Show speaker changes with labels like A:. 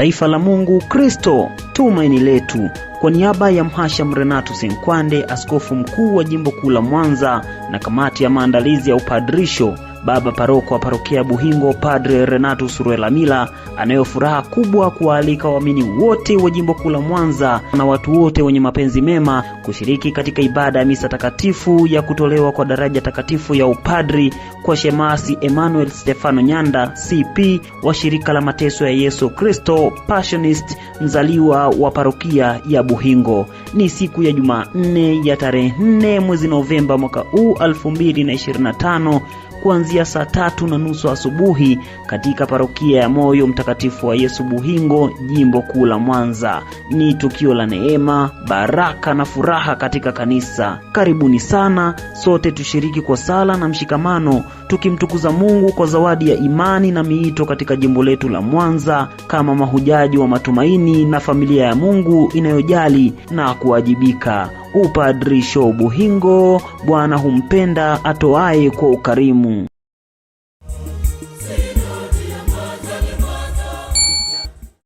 A: Taifa la Mungu Kristo tumaini letu. Kwa niaba ya Mhashamu Renato Senkwande, askofu mkuu wa jimbo kuu la Mwanza, na kamati ya maandalizi ya upadrisho baba paroko wa parokia Buhingo Padre Renatus Ruelamila anayo furaha kubwa kuwaalika waamini wote wa jimbo kuu la Mwanza na watu wote wenye mapenzi mema kushiriki katika ibada ya misa takatifu ya kutolewa kwa daraja takatifu ya upadri kwa shemasi Emmanuel Stefano Nyanda CP wa shirika la mateso ya Yesu Kristo Passionist mzaliwa wa parokia ya Buhingo. Ni siku ya Jumanne ya tarehe 4 mwezi Novemba mwaka huu 2025 kuanzia saa tatu na nusu asubuhi katika parokia ya Moyo Mtakatifu wa Yesu Buhingo, jimbo kuu la Mwanza. Ni tukio la neema, baraka na furaha katika kanisa. Karibuni sana, sote tushiriki kwa sala na mshikamano, tukimtukuza Mungu kwa zawadi ya imani na miito katika jimbo letu la Mwanza kama mahujaji wa matumaini imani na familia ya Mungu inayojali na kuwajibika. Upadri Buhingo, Bwana humpenda atoaye kwa ukarimu.